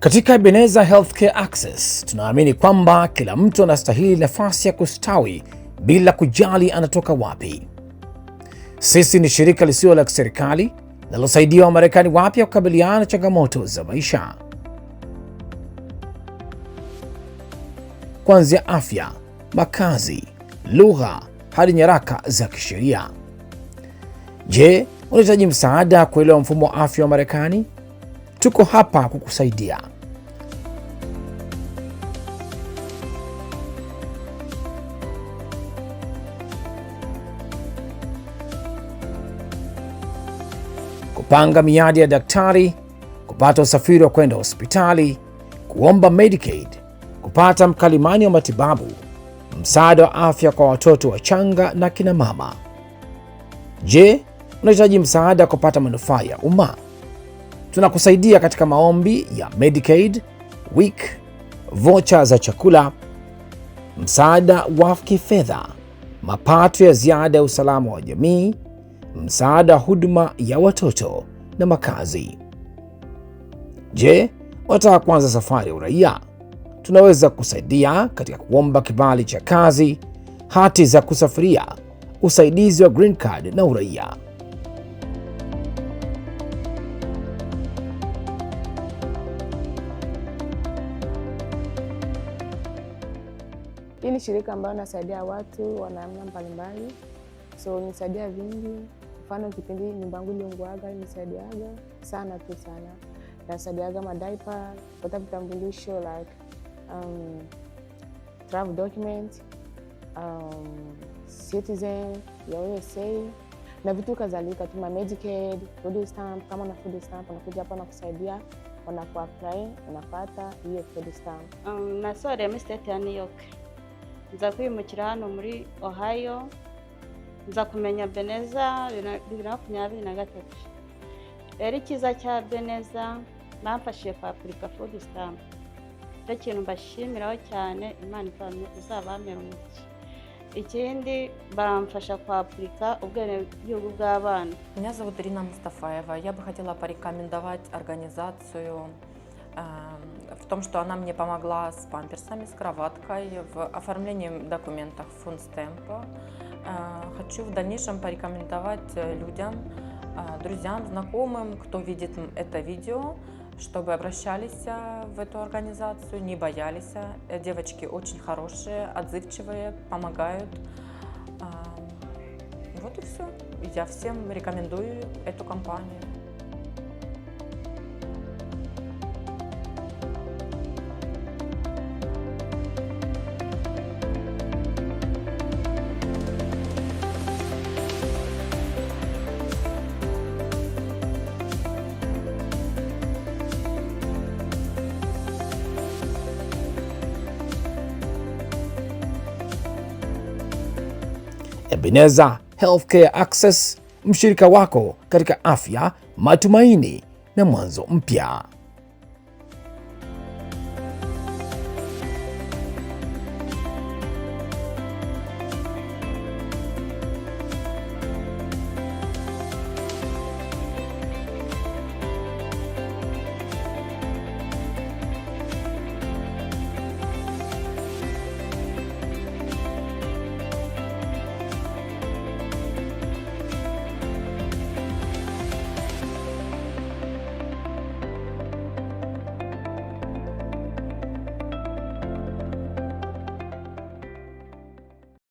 Katika beneza Healthcare Access tunaamini kwamba kila mtu anastahili nafasi ya kustawi bila kujali anatoka wapi. Sisi ni shirika lisilo la kiserikali linalosaidia Wamarekani wapya kukabiliana na changamoto za maisha, kuanzia afya, makazi, lugha hadi nyaraka za kisheria. Je, unahitaji msaada kuelewa mfumo wa afya wa Marekani? Tuko hapa kukusaidia. kupanga miadi ya daktari, kupata usafiri wa kwenda hospitali, kuomba Medicaid, kupata mkalimani wa matibabu, msaada wa afya kwa watoto wachanga na kina mama. Je, unahitaji msaada kupata manufaa ya umma? Tunakusaidia katika maombi ya Medicaid, WIC, vocha za chakula, msaada wa kifedha, mapato ya ziada ya usalama wa jamii msaada huduma ya watoto na makazi. Je, wataka kuanza safari ya uraia? Tunaweza kusaidia katika kuomba kibali cha kazi, hati za kusafiria, usaidizi wa green card na uraia. Hii ni shirika ambayo nasaidia watu wa namna mbalimbali, so nisaidia vingi mfano kipindi nyumbangu iliunguaga nisaidiaga sana tu sana, nasaidiaga madaipa pata vitambulisho like um, travel document um, citizen ya USA na vitu kadhalika tu, Medicaid, food stamp. Kama na food stamp unakuja hapa nakusaidia, wanakuapply unapata hiyo food stamp. um, nasoreyemo state ya New York nza hano muri Ohio nza kumenya beneza bibiri na makumyabiri na gatatu rero icyiza cya beneza bamfashije kwa apurika fudu sitampu nicyo kintu mbashimiraho cyane imana izabamera umuti Ikindi baramfasha kwapurika ubwenegihugu bw'abana Меня зовут Ирина Мустафаева. Я бы хотела порекомендовать организацию э, в том, что она мне помогла с памперсами, с кроваткой, в оформлении документов фунстемпа. Э, хочу в дальнейшем порекомендовать э, людям, э, друзьям, знакомым, кто видит это видео, чтобы обращались в эту организацию, не боялись. Девочки очень хорошие, отзывчивые, помогают. Вот и все. Я всем рекомендую эту компанию. Ebeneza Healthcare Access, mshirika wako katika afya, matumaini na mwanzo mpya.